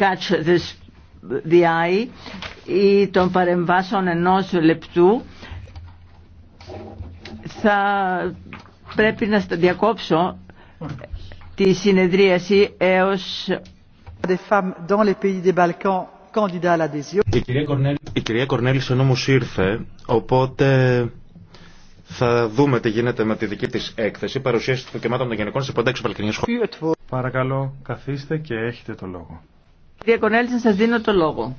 catch this, the eye ή των παρεμβάσεων ενός λεπτού θα πρέπει να διακόψω τη συνεδρίαση έως η κυρία Κορνέλισον όμω ήρθε, οπότε θα πρεπει να διακοψω τη συνεδριαση εως η κυρια Κορνέλη κορνελισον όμως ηρθε οποτε θα δουμε τι γίνεται με τη δική της έκθεση, παρουσίαση των δικαιωμάτων των γενικών σε 56 Παλαιστινίες Παρακαλώ, καθίστε και έχετε το λόγο. Κυρία Κονέλη, σας δίνω το λόγο.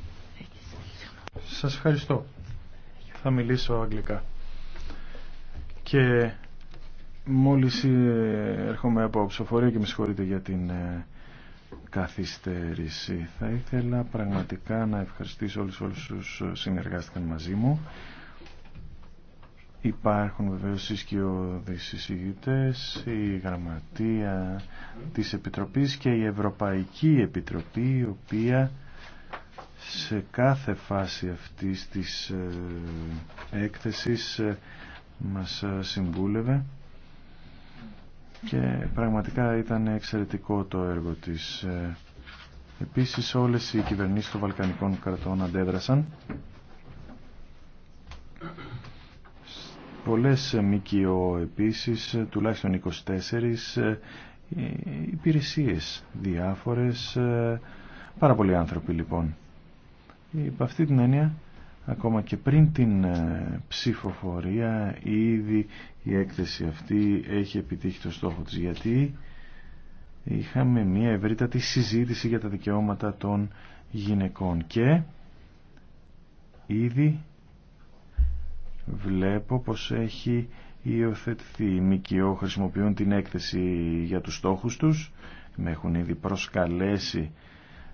Σας ευχαριστώ. Θα μιλήσω αγγλικά. Και μόλις ε, έρχομαι από ψηφοφορία και με συγχωρείτε για την ε, καθυστέρηση. Θα ήθελα πραγματικά να ευχαριστήσω όλους τους συνεργάστηκαν μαζί μου. Υπάρχουν βεβαίως οι σκιώδεις η γραμματεία της Επιτροπής και η Ευρωπαϊκή Επιτροπή, η οποία σε κάθε φάση αυτής της ε, έκθεσης ε, μας ε, συμβούλευε και πραγματικά ήταν εξαιρετικό το έργο της. Επίσης όλες οι κυβερνήσεις των Βαλκανικών κρατών αντέδρασαν Πολλές ΜΚΟ επίσης, τουλάχιστον 24, ε, υπηρεσίες διάφορες, ε, πάρα πολλοί άνθρωποι λοιπόν. Υπ' αυτή την έννοια, ακόμα και πριν την ε, ψηφοφορία, ήδη η έκθεση αυτή έχει επιτύχει το στόχο της, γιατί είχαμε μια ευρύτατη συζήτηση για τα δικαιώματα των γυναικών και ήδη Βλέπω πως έχει υιοθετηθεί. Οι ΜΚΟ χρησιμοποιούν την έκθεση για τους στόχους τους. Με έχουν ήδη προσκαλέσει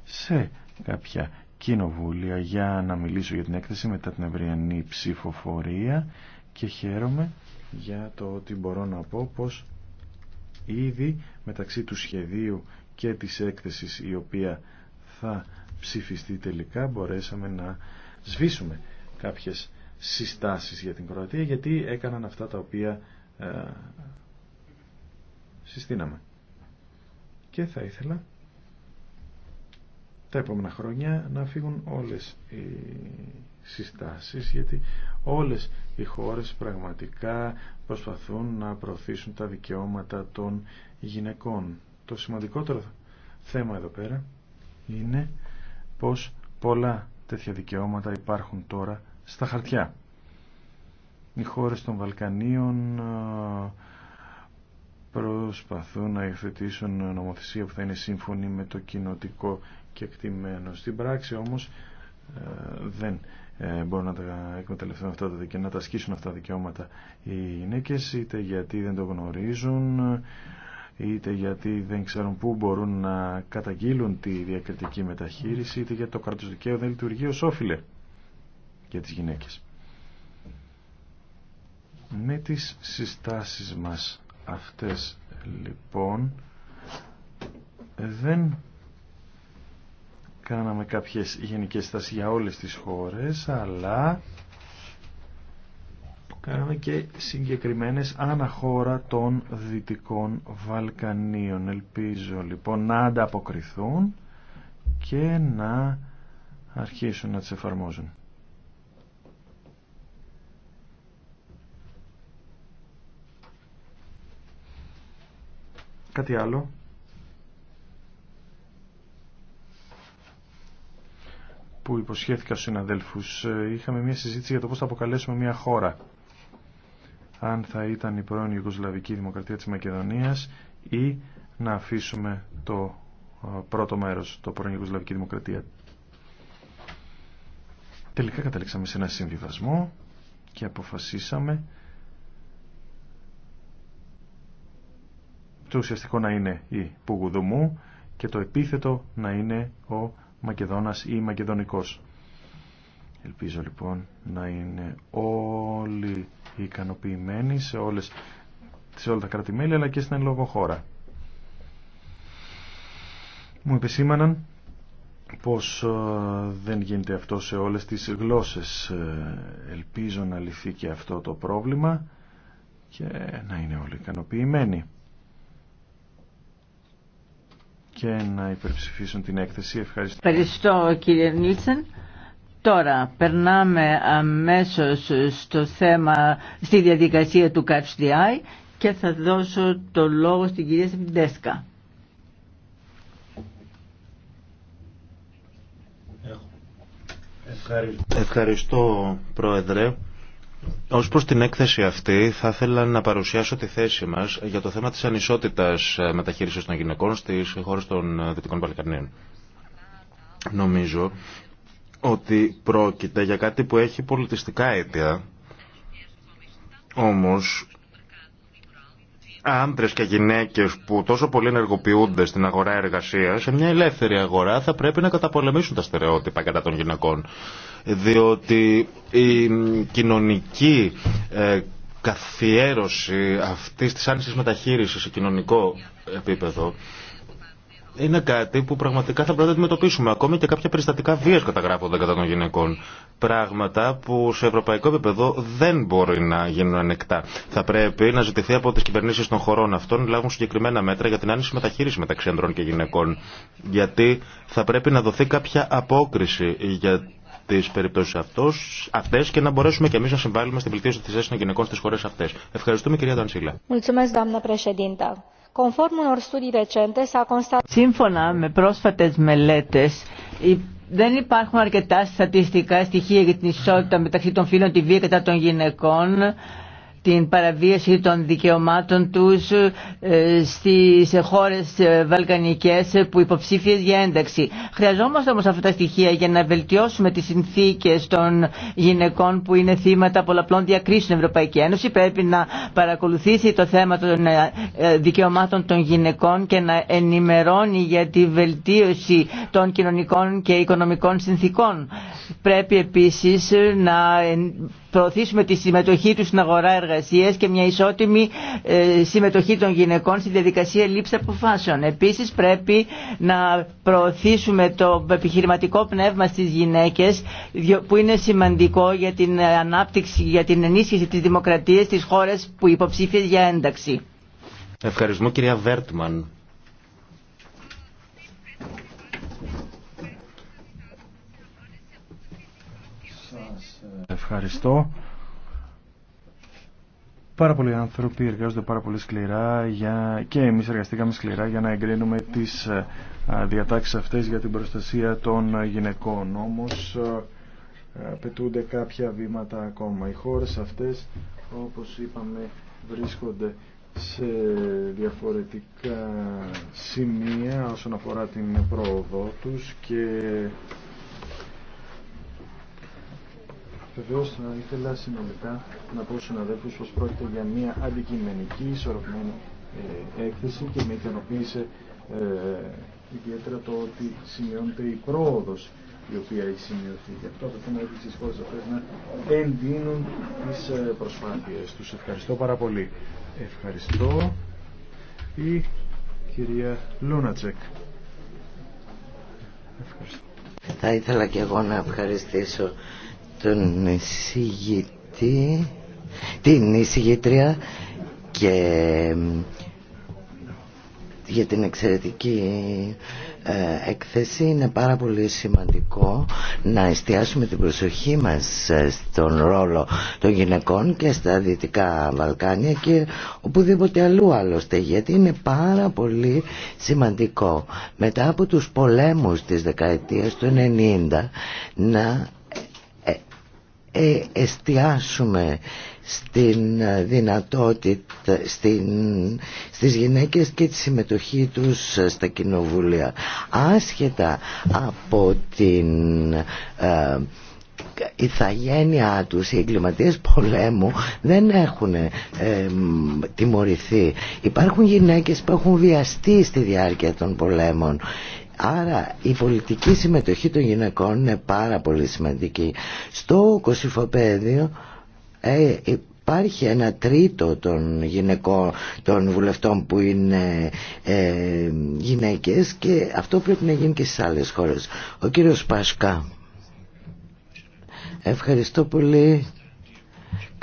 σε κάποια κοινοβούλια για να μιλήσω για την έκθεση μετά την ευριανή ψηφοφορία και χαίρομαι για το ότι μπορώ να πω πως ήδη μεταξύ του σχεδίου και της έκθεσης η οποία θα ψηφιστεί τελικά μπορέσαμε να σβήσουμε κάποιες συστάσεις για την Κροατία γιατί έκαναν αυτά τα οποία ε, συστήναμε. Και θα ήθελα τα επόμενα χρόνια να φύγουν όλες οι συστάσεις γιατί όλες οι χώρες πραγματικά προσπαθούν να προωθήσουν τα δικαιώματα των γυναικών. Το σημαντικότερο θέμα εδώ πέρα είναι πως πολλά τέτοια δικαιώματα υπάρχουν τώρα στα χαρτιά. Οι χώρες των Βαλκανίων ε, προσπαθούν να υιοθετήσουν νομοθεσία που θα είναι σύμφωνη με το κοινοτικό κεκτημένο. Στην πράξη όμως ε, δεν ε, μπορούν να τα εκμεταλλευτούν αυτά τα δικαιώματα, να τα ασκήσουν αυτά τα δικαιώματα οι γυναίκες, είτε γιατί δεν το γνωρίζουν, είτε γιατί δεν ξέρουν πού μπορούν να καταγγείλουν τη διακριτική μεταχείριση, είτε γιατί το κράτος δικαίου δεν λειτουργεί ως όφιλε για τις γυναίκες. Με τις συστάσεις μας αυτές λοιπόν δεν κάναμε κάποιες γενικές στάσεις για όλες τις χώρες αλλά κάναμε και συγκεκριμένες αναχώρα των Δυτικών Βαλκανίων. Ελπίζω λοιπόν να ανταποκριθούν και να αρχίσουν να τις εφαρμόζουν. Κάτι άλλο. που υποσχέθηκα στους συναδέλφους. Ε, είχαμε μια συζήτηση για το πώς θα αποκαλέσουμε μια χώρα. Αν θα ήταν η πρώην Ιουγκοσλαβική Δημοκρατία της Μακεδονίας ή να αφήσουμε το ε, πρώτο μέρος, το πρώην Ιουγκοσλαβική Δημοκρατία. Τελικά καταλήξαμε σε ένα συμβιβασμό και αποφασίσαμε το ουσιαστικό να είναι η Πουγουδουμού και το επίθετο να είναι ο Μακεδόνας ή Μακεδονικός. Ελπίζω λοιπόν να είναι όλοι ικανοποιημένοι σε, όλες, σε όλα τα κρατημέλη αλλά και στην λόγω χώρα. Μου επισήμαναν πως ε, δεν γίνεται αυτό σε όλες τις γλώσσες. Ε, ελπίζω να λυθεί και αυτό το πρόβλημα και να είναι όλοι ικανοποιημένοι και να υπερψηφίσουν την έκθεση. Ευχαριστώ. Ευχαριστώ κύριε Νίλσεν. Τώρα περνάμε αμέσως στο θέμα, στη διαδικασία του ΚΑΤΣΤΙΑΙ και θα δώσω το λόγο στην κυρία Σεπιντέσκα. Ευχαριστώ Πρόεδρε. Ω προ την έκθεση αυτή, θα ήθελα να παρουσιάσω τη θέση μα για το θέμα τη ανισότητα ε, μεταχείριση των γυναικών στι χώρε των ε, Δυτικών Βαλκανίων. Νομίζω ότι πρόκειται για κάτι που έχει πολιτιστικά αίτια, όμως άντρες και γυναίκες που τόσο πολύ ενεργοποιούνται στην αγορά εργασίας, σε μια ελεύθερη αγορά θα πρέπει να καταπολεμήσουν τα στερεότυπα κατά των γυναικών. Διότι η κοινωνική ε, καθιέρωση αυτής της άνησης μεταχείρισης σε κοινωνικό επίπεδο είναι κάτι που πραγματικά θα πρέπει να αντιμετωπίσουμε. Ακόμη και κάποια περιστατικά βία καταγράφονται κατά των γυναικών. Πράγματα που σε ευρωπαϊκό επίπεδο δεν μπορεί να γίνουν ανεκτά. Θα πρέπει να ζητηθεί από τι κυβερνήσει των χωρών αυτών να λάβουν συγκεκριμένα μέτρα για την άνηση μεταχείριση μεταξύ ανδρών και γυναικών. Γιατί θα πρέπει να δοθεί κάποια απόκριση για τι περιπτώσει αυτέ και να μπορέσουμε και εμεί να συμβάλλουμε στην πληθύνση τη θέση των γυναικών στι χώρε αυτέ. Ευχαριστούμε, κυρία Σύμφωνα με πρόσφατες μελέτες, δεν υπάρχουν αρκετά στατιστικά στοιχεία για την ισότητα μεταξύ των φίλων, τη βία κατά των γυναικών την παραβίαση των δικαιωμάτων τους ε, στις χώρες ε, βαλκανικές ε, που υποψήφιες για ένταξη. Χρειαζόμαστε όμως αυτά τα στοιχεία για να βελτιώσουμε τις συνθήκες των γυναικών που είναι θύματα πολλαπλών διακρίσεων στην Ευρωπαϊκή Ένωση. Πρέπει να παρακολουθήσει το θέμα των δικαιωμάτων των γυναικών και να ενημερώνει για τη βελτίωση των κοινωνικών και οικονομικών συνθήκων. Πρέπει επίσης να προωθήσουμε τη συμμετοχή του στην αγορά εργασίας και μια ισότιμη ε, συμμετοχή των γυναικών στη διαδικασία λήψη αποφάσεων. Επίσης πρέπει να προωθήσουμε το επιχειρηματικό πνεύμα στις γυναίκες που είναι σημαντικό για την ε, ανάπτυξη, για την ενίσχυση της δημοκρατίας στις χώρες που υποψήφιες για ένταξη. Ευχαριστώ κυρία Βέρτμαν. ευχαριστώ. Πάρα πολλοί άνθρωποι εργάζονται πάρα πολύ σκληρά για... και εμείς εργαστήκαμε σκληρά για να εγκρίνουμε τις ε, διατάξεις αυτές για την προστασία των γυναικών. Όμως ε, πετούνται κάποια βήματα ακόμα. Οι χώρες αυτές, όπως είπαμε, βρίσκονται σε διαφορετικά σημεία όσον αφορά την πρόοδό τους και Βεβαίω θα ήθελα συνολικά να πω στου αδέλφου πω πρόκειται για μια αντικειμενική, ισορροπημένη ε, έκθεση και με ικανοποίησε ε, ιδιαίτερα το ότι σημειώνεται η πρόοδο η οποία έχει σημειωθεί. Γι' αυτό το θέμα ότι τις χώρε αυτέ να εντείνουν τις ε, προσπάθειε του Ευχαριστώ πάρα πολύ. Ευχαριστώ η κυρία Λούνατσεκ. Ευχαριστώ. Θα ήθελα και εγώ να ευχαριστήσω τον εισηγητή, την εισηγητρία και για την εξαιρετική ε, έκθεση είναι πάρα πολύ σημαντικό να εστιάσουμε την προσοχή μας ε, στον ρόλο των γυναικών και στα Δυτικά Βαλκάνια και οπουδήποτε αλλού άλλωστε γιατί είναι πάρα πολύ σημαντικό μετά από τους πολέμους της δεκαετίας του 90 να ε, εστιάσουμε στην ε, δυνατότητα στην, στις γυναίκες και τη συμμετοχή τους ε, στα κοινοβούλια άσχετα από την ε, ηθαγένειά τους οι εγκληματίες πολέμου δεν έχουν ε, τιμωρηθεί υπάρχουν γυναίκες που έχουν βιαστεί στη διάρκεια των πολέμων Άρα η πολιτική συμμετοχή των γυναικών είναι πάρα πολύ σημαντική. Στο κοσυφοπαίδιο ε, υπάρχει ένα τρίτο των γυναικών, των βουλευτών που είναι ε, γυναίκες και αυτό πρέπει να γίνει και στις άλλες χώρες. Ο κύριος Πασκά. Ευχαριστώ πολύ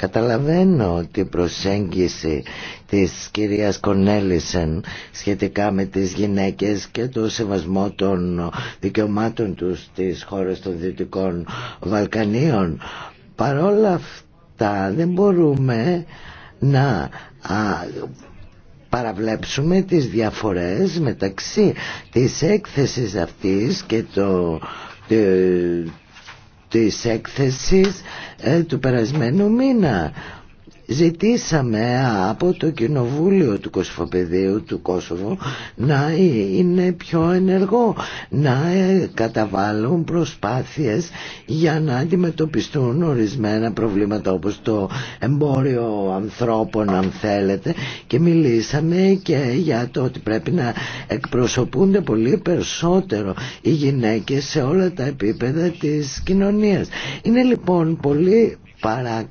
Καταλαβαίνω την προσέγγιση της κυρίας κονέλησεν σχετικά με τις γυναίκες και το σεβασμό των δικαιωμάτων τους στις χώρες των Δυτικών Βαλκανίων. Παρόλα αυτά δεν μπορούμε να παραβλέψουμε τις διαφορές μεταξύ της έκθεσης αυτής και το, ε, της έκθεσης ε, του περασμένου μήνα ζητήσαμε από το Κοινοβούλιο του Κοσφοπεδίου του Κόσοβο να είναι πιο ενεργό, να καταβάλουν προσπάθειες για να αντιμετωπιστούν ορισμένα προβλήματα όπως το εμπόριο ανθρώπων αν θέλετε και μιλήσαμε και για το ότι πρέπει να εκπροσωπούνται πολύ περισσότερο οι γυναίκες σε όλα τα επίπεδα της κοινωνίας. Είναι λοιπόν πολύ παρακολουθή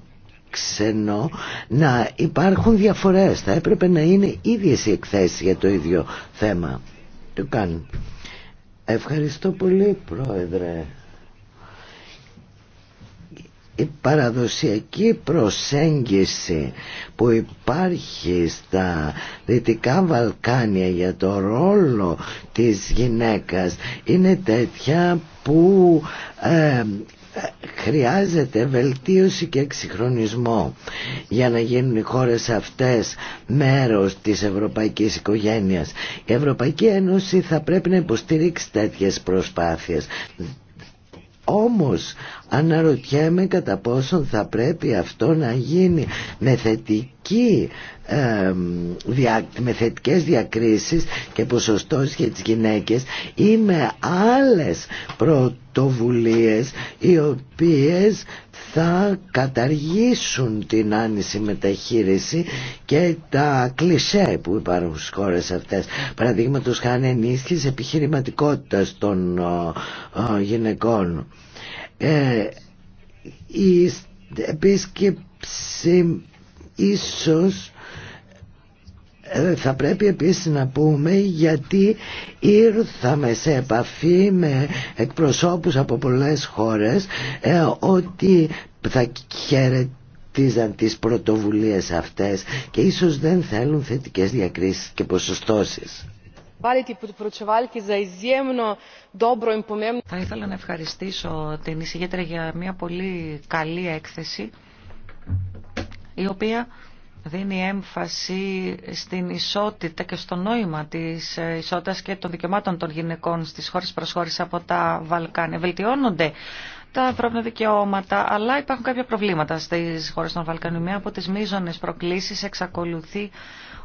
να υπάρχουν διαφορές. Θα έπρεπε να είναι ίδιες οι εκθέσεις για το ίδιο θέμα. Το κάνουν. Ευχαριστώ πολύ πρόεδρε. Η παραδοσιακή προσέγγιση που υπάρχει στα Δυτικά Βαλκάνια για το ρόλο της γυναίκας είναι τέτοια που ε, χρειάζεται βελτίωση και εξυγχρονισμό για να γίνουν οι χώρες αυτές μέρος της ευρωπαϊκής οικογένειας. Η Ευρωπαϊκή Ένωση θα πρέπει να υποστηρίξει τέτοιες προσπάθειες. Όμως αναρωτιέμαι κατά πόσον θα πρέπει αυτό να γίνει με θετική θετική με θετικές διακρίσεις και ποσοστός για τις γυναίκες ή με άλλες πρωτοβουλίες οι οποίες θα καταργήσουν την άνηση μεταχείριση και τα κλισέ που υπάρχουν στις χώρες αυτές. Παραδείγματος χάνει ενίσχυση επιχειρηματικότητας των γυναικών. Ε, η ίσως ε, θα πρέπει επίσης να πούμε γιατί ήρθαμε σε επαφή με εκπροσώπους από πολλές χώρες ε, ότι θα χαιρετίζαν τις πρωτοβουλίες αυτές και ίσως δεν θέλουν θετικές διακρίσεις και ποσοστώσεις. Θα ήθελα να ευχαριστήσω την εισηγήτρια για μια πολύ καλή έκθεση η οποία δίνει έμφαση στην ισότητα και στο νόημα της ε, ισότητας και των δικαιωμάτων των γυναικών στις χώρες προσχώρησης από τα Βαλκάνια. Βελτιώνονται τα ανθρώπινα δικαιώματα, αλλά υπάρχουν κάποια προβλήματα στις χώρες των Βαλκανίων. από τις μείζονες προκλήσεις εξακολουθεί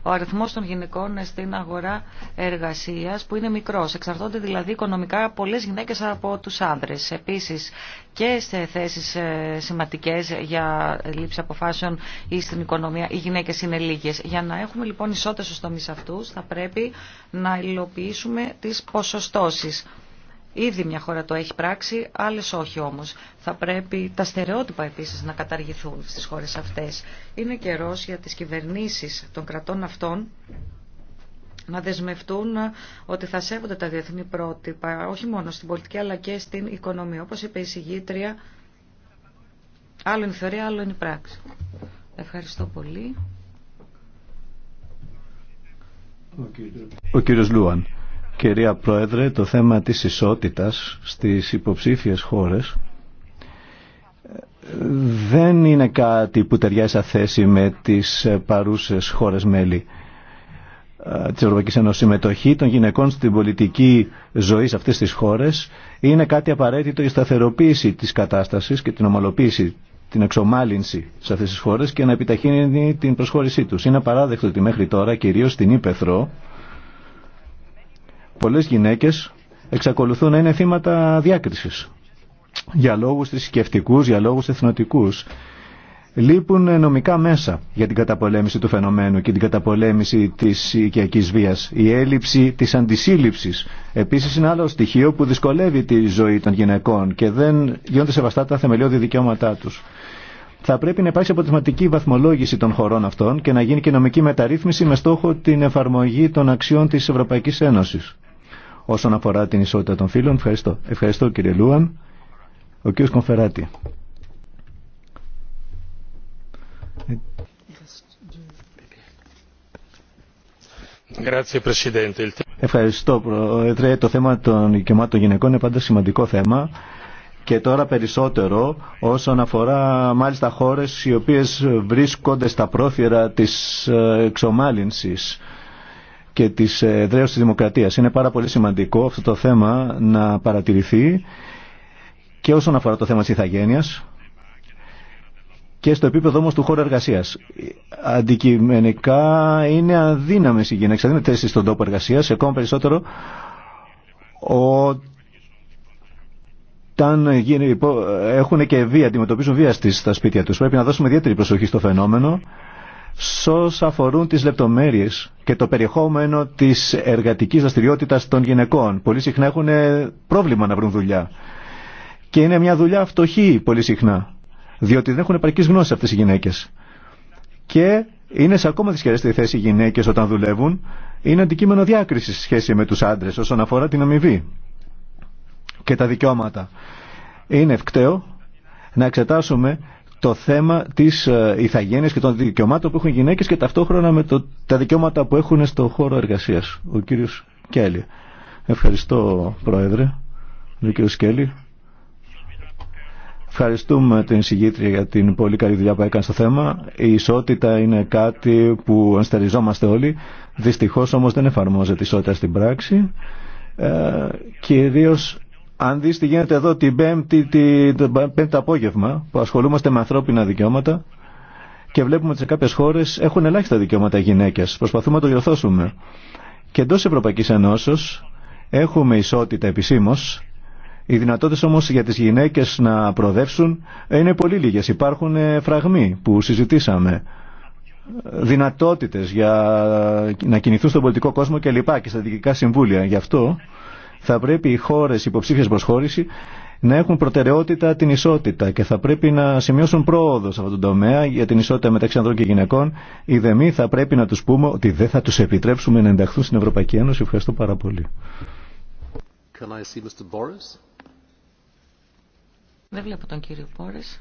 ο αριθμός των γυναικών στην αγορά εργασίας που είναι μικρός. Εξαρτώνται δηλαδή οικονομικά πολλές γυναίκες από τους άνδρες. Επίσης και σε θέσεις ε, σημαντικές για λήψη αποφάσεων ή στην οικονομία οι γυναίκες είναι λίγες. Για να έχουμε λοιπόν ισότητα στους τομείς αυτούς θα πρέπει να υλοποιήσουμε τις ποσοστώσεις. Ήδη μια χώρα το έχει πράξει, άλλες όχι όμως. Θα πρέπει τα στερεότυπα επίσης να καταργηθούν στι χώρες αυτές. Είναι καιρό για τις κυβερνήσεις των κρατών αυτών να δεσμευτούν ότι θα σέβονται τα διεθνή πρότυπα, όχι μόνο στην πολιτική αλλά και στην οικονομία. Όπως είπε η συγγήτρια, άλλο είναι η θεωρία, άλλο είναι η πράξη. Ευχαριστώ πολύ. Ο κύριος Λούαν. Κυρία Πρόεδρε, το θέμα της ισότητας στις υποψήφιες χώρες δεν είναι κάτι που ταιριάζει σε θέση με τις παρούσες χώρες μέλη ε, της Ευρωπαϊκής Ένωσης. Συμμετοχή των γυναικών στην πολιτική ζωή σε αυτές τις χώρες είναι κάτι απαραίτητο για σταθεροποίηση της κατάστασης και την ομαλοποίηση την εξομάλυνση σε αυτές τις χώρες και να επιταχύνει την προσχώρησή τους. Είναι απαράδεκτο ότι μέχρι τώρα, κυρίως στην Ήπεθρο, Πολλές γυναίκες εξακολουθούν να είναι θύματα διάκρισης για λόγους θρησκευτικού, για λόγους εθνοτικούς. Λείπουν νομικά μέσα για την καταπολέμηση του φαινομένου και την καταπολέμηση της οικιακής βίας. Η έλλειψη της αντισύλληψης επίσης είναι άλλο στοιχείο που δυσκολεύει τη ζωή των γυναικών και δεν γίνονται σεβαστά τα θεμελιώδη δικαιώματά τους. Θα πρέπει να υπάρξει αποτελεσματική βαθμολόγηση των χωρών αυτών και να γίνει και νομική μεταρρύθμιση με στόχο την εφαρμογή των αξιών της Ευρωπαϊκής Ένωσης όσον αφορά την ισότητα των φίλων, Ευχαριστώ. Ευχαριστώ κύριε Λούαν. Ο κύριος Κονφεράτη. Ευχαριστώ Πρόεδρε. Το θέμα των δικαιωμάτων γυναικών είναι πάντα σημαντικό θέμα και τώρα περισσότερο όσον αφορά μάλιστα χώρες οι οποίες βρίσκονται στα πρόθυρα της ε, εξομάλυνσης και της εδραίωσης της δημοκρατίας. Είναι πάρα πολύ σημαντικό αυτό το θέμα να παρατηρηθεί και όσον αφορά το θέμα της ηθαγένειας και στο επίπεδο όμως του χώρου εργασίας. Αντικειμενικά είναι αδύναμες οι γυναίκες, αδύναμες θέσει στον τόπο εργασίας, ακόμα περισσότερο όταν έχουν και βία, αντιμετωπίζουν βία στις, στα σπίτια τους. Πρέπει να δώσουμε ιδιαίτερη προσοχή στο φαινόμενο όσα αφορούν τις λεπτομέρειες και το περιεχόμενο της εργατικής δραστηριότητα των γυναικών. Πολύ συχνά έχουν πρόβλημα να βρουν δουλειά. Και είναι μια δουλειά φτωχή πολύ συχνά, διότι δεν έχουν επαρκής γνώση αυτές οι γυναίκες. Και είναι σε ακόμα δυσχερέστερη θέση οι γυναίκες όταν δουλεύουν, είναι αντικείμενο διάκρισης σχέση με τους άντρες όσον αφορά την αμοιβή και τα δικαιώματα. Είναι ευκταίο να εξετάσουμε το θέμα της ε, ηθαγένεια και των δικαιωμάτων που έχουν οι γυναίκες και ταυτόχρονα με το, τα δικαιώματα που έχουν στο χώρο εργασίας. Ο κύριος Κέλλη. Ευχαριστώ Πρόεδρε. Ο κύριος Κέλλη. Ευχαριστούμε την συγγήτρια για την πολύ καλή δουλειά που έκανε στο θέμα. Η ισότητα είναι κάτι που ενστεριζόμαστε όλοι. Δυστυχώς όμως δεν εφαρμόζεται η ισότητα στην πράξη. Ε, κυρίως αν δει, τι γίνεται εδώ την πέμπτη, το πέμπτη απόγευμα που ασχολούμαστε με ανθρώπινα δικαιώματα και βλέπουμε ότι σε κάποιες χώρες έχουν ελάχιστα δικαιώματα γυναίκες. Προσπαθούμε να το διορθώσουμε. Και εντός Ευρωπαϊκής Ενώσεως έχουμε ισότητα επισήμω. Οι δυνατότητε όμω για τι γυναίκε να προοδεύσουν είναι πολύ λίγε. Υπάρχουν ε, φραγμοί που συζητήσαμε Δυνατότητε για να κινηθούν στον πολιτικό κόσμο και λοιπά και στα διοικητικά συμβούλια. Γι' αυτό θα πρέπει οι χώρες υποψήφιες προσχώρηση να έχουν προτεραιότητα την ισότητα και θα πρέπει να σημειώσουν πρόοδο σε αυτόν τον τομέα για την ισότητα μεταξύ ανδρών και γυναικών. Οι θα πρέπει να τους πούμε ότι δεν θα τους επιτρέψουμε να ενταχθούν στην Ευρωπαϊκή Ένωση. Ευχαριστώ πάρα πολύ. Δεν βλέπω τον κύριο Πόρες.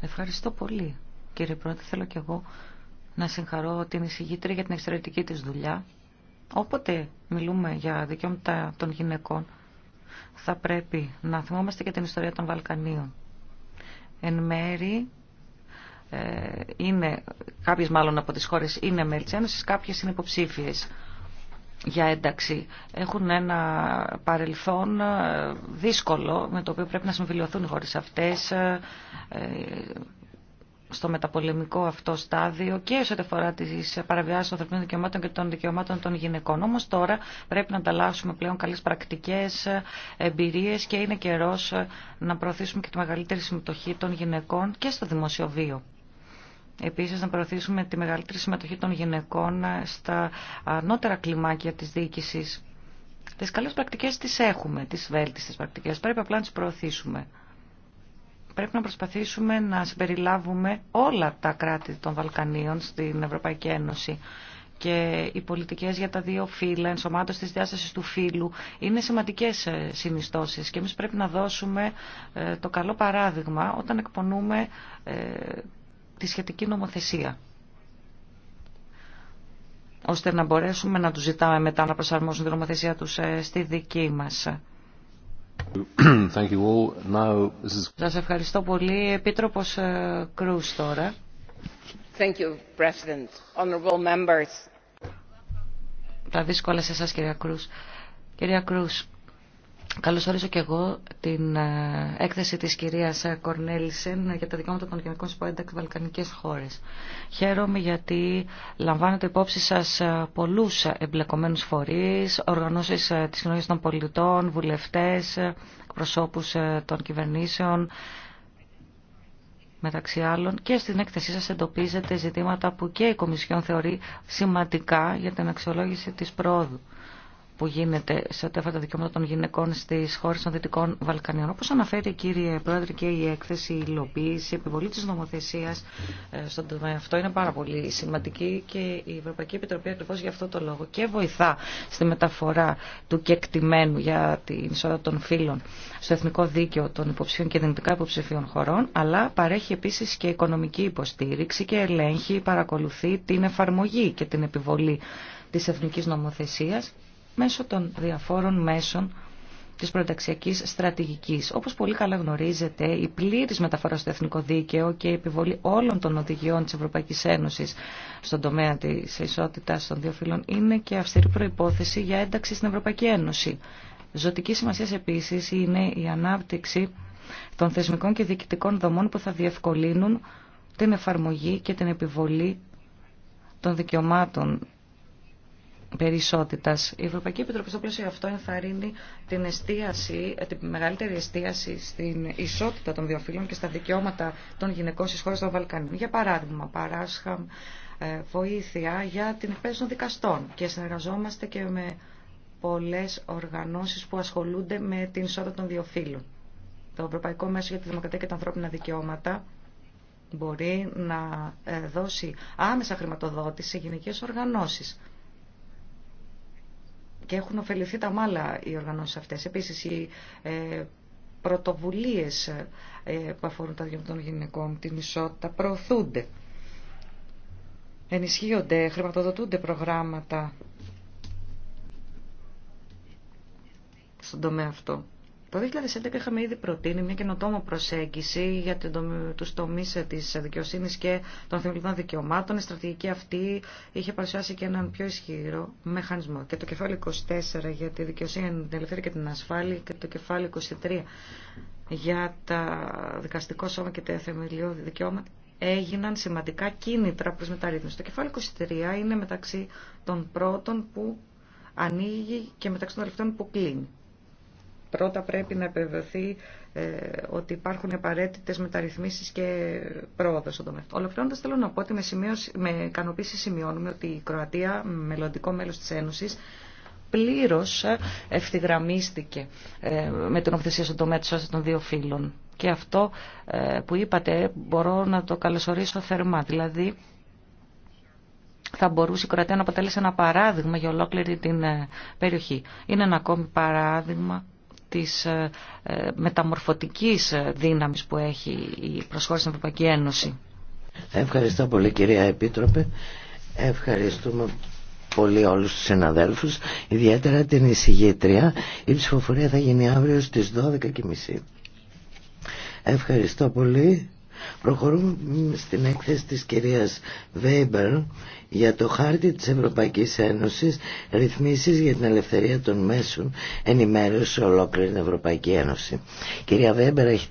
Ευχαριστώ πολύ κύριε Πρόεδρε. Θέλω και εγώ να συγχαρώ την εισηγήτρια για την εξαιρετική της δουλειά. Όποτε μιλούμε για δικαιώματα των γυναικών, θα πρέπει να θυμόμαστε και την ιστορία των Βαλκανίων. Εν μέρη, ε, είναι, κάποιες μάλλον από τις χώρες είναι μέλη της Ένωσης, κάποιες είναι υποψήφιες για ένταξη. Έχουν ένα παρελθόν ε, δύσκολο με το οποίο πρέπει να συμβιλωθούν οι χώρες αυτές. Ε, ε, στο μεταπολεμικό αυτό στάδιο και σε ό,τι αφορά τι παραβιάσει των ανθρωπίνων δικαιωμάτων και των δικαιωμάτων των γυναικών. Όμω τώρα πρέπει να ανταλλάσσουμε πλέον καλέ πρακτικέ, εμπειρίε και είναι καιρό να προωθήσουμε και τη μεγαλύτερη συμμετοχή των γυναικών και στο δημόσιο βίο. Επίσης να προωθήσουμε τη μεγαλύτερη συμμετοχή των γυναικών στα ανώτερα κλιμάκια τη διοίκηση. Τι καλέ πρακτικέ τι έχουμε, τι βέλτιστε πρακτικέ. Πρέπει απλά να τι προωθήσουμε πρέπει να προσπαθήσουμε να συμπεριλάβουμε όλα τα κράτη των Βαλκανίων στην Ευρωπαϊκή Ένωση και οι πολιτικές για τα δύο φύλλα, ενσωμάτωση της διάστασης του φίλου είναι σημαντικές ε, συνιστώσεις και εμείς πρέπει να δώσουμε ε, το καλό παράδειγμα όταν εκπονούμε ε, τη σχετική νομοθεσία ώστε να μπορέσουμε να τους ζητάμε μετά να προσαρμόσουν την νομοθεσία τους στη δική μας. Thank you all. Now, this is... Σας ευχαριστώ πολύ. Επίτροπος ε, Κρούς τώρα. Thank you, President. Honorable members. Τα δύσκολα σε εσάς, κυρία Κρούς. Κυρία Κρούς, Καλώς ορίζω και εγώ την ε, έκθεση της κυρίας Κορνέλισεν για τα δικαιώματα των γενικών συμπορέντας και βαλκανικές χώρες. Χαίρομαι γιατί λαμβάνετε υπόψη σας ε, πολλούς εμπλεκομένους φορείς, οργανώσεις ε, της κοινωνίας των πολιτών, βουλευτές, προσώπους των κυβερνήσεων, μεταξύ άλλων και στην έκθεσή σας εντοπίζετε ζητήματα που και η Κομισιόν θεωρεί σημαντικά για την αξιολόγηση της πρόοδου που γίνεται σε αφορά τα δικαιώματα των γυναικών στι χώρε των Δυτικών Βαλκανίων. Όπω αναφέρει κύριε Πρόεδρε και η έκθεση, η υλοποίηση, η επιβολή τη νομοθεσία ε, στον τομέα αυτό είναι πάρα πολύ σημαντική και η Ευρωπαϊκή Επιτροπή ακριβώ για αυτό το λόγο και βοηθά στη μεταφορά του κεκτημένου για την ισότητα των φύλων στο εθνικό δίκαιο των υποψηφίων και δυνητικά υποψηφίων χωρών, αλλά παρέχει επίση και οικονομική υποστήριξη και ελέγχει, παρακολουθεί την εφαρμογή και την επιβολή της εθνικής νομοθεσίας μέσω των διαφόρων μέσων της προταξιακή στρατηγικής. Όπως πολύ καλά γνωρίζετε, η πλήρης μεταφορά στο εθνικό δίκαιο και η επιβολή όλων των οδηγιών της Ευρωπαϊκής Ένωσης στον τομέα της ισότητας των δύο φύλων είναι και αυστηρή προϋπόθεση για ένταξη στην Ευρωπαϊκή Ένωση. Ζωτική σημασία επίσης είναι η ανάπτυξη των θεσμικών και διοικητικών δομών που θα διευκολύνουν την εφαρμογή και την επιβολή των δικαιωμάτων η Ευρωπαϊκή Επιτροπή στο πλαίσιο αυτό ενθαρρύνει την εστίαση, την μεγαλύτερη εστίαση στην ισότητα των δυοφύλων και στα δικαιώματα των γυναικών στι χώρε των Βαλκανίων. Για παράδειγμα, παράσχα ε, βοήθεια για την εκπαίδευση των δικαστών και συνεργαζόμαστε και με πολλέ οργανώσει που ασχολούνται με την ισότητα των δύο Το Ευρωπαϊκό Μέσο για τη Δημοκρατία και τα Ανθρώπινα Δικαιώματα μπορεί να ε, δώσει άμεσα χρηματοδότηση σε γυναικές οργανώσεις και έχουν ωφεληθεί τα μάλα οι οργανώσεις αυτές. Επίσης, οι ε, πρωτοβουλίες ε, που αφορούν τα δικαιώματα των γυναικών, την ισότητα, προωθούνται. Ενισχύονται, χρηματοδοτούνται προγράμματα στον τομέα αυτό. Το 2011 είχαμε ήδη προτείνει μια καινοτόμο προσέγγιση για του τομεί ε, τη δικαιοσύνη και των θεμελιωδών δικαιωμάτων. Η στρατηγική αυτή είχε παρουσιάσει και έναν πιο ισχυρό μηχανισμό. Και το κεφάλαιο 24 για τη δικαιοσύνη, την ελευθερία και την ασφάλεια και το κεφάλαιο 23 για τα δικαστικό σώμα και τα θεμελιώδη δικαιώματα έγιναν σημαντικά κίνητρα προς μεταρρύθμιση. Το κεφάλαιο 23 είναι μεταξύ των πρώτων που ανοίγει και μεταξύ των τελευταίων που κλείνει. Πρώτα πρέπει να επιβεβαιωθεί ε, ότι υπάρχουν απαραίτητε μεταρρυθμίσει και πρόοδο στον τομέα. Ολοκληρώνοντα, θέλω να πω ότι με, με ικανοποίηση σημειώνουμε ότι η Κροατία, μελλοντικό μέλο τη Ένωση, πλήρω ε, ευθυγραμμίστηκε ε, με την ομοθεσία στον τομέα της των δύο φύλων. Και αυτό που είπατε μπορώ να το καλωσορίσω θερμά. Δηλαδή θα μπορούσε η Κροατία να αποτελέσει ένα παράδειγμα για ολόκληρη την περιοχή. Είναι ένα ακόμη παράδειγμα της ε, ε, μεταμορφωτικής δύναμης που έχει η προσχώρηση στην Ευρωπαϊκή Ένωση. Ευχαριστώ πολύ κυρία Επίτροπε. Ευχαριστούμε πολύ όλους τους συναδέλφους, ιδιαίτερα την εισηγήτρια. Η ψηφοφορία θα γίνει αύριο στις 12.30. Ευχαριστώ πολύ. Προχωρούμε στην έκθεση της κυρίας Βέιμπερ για το χάρτη της Ευρωπαϊκής Ένωσης ρυθμίσεις για την ελευθερία των μέσων ενημέρωση σε ολόκληρη την Ευρωπαϊκή Ένωση. Κυρία Βέμπερ,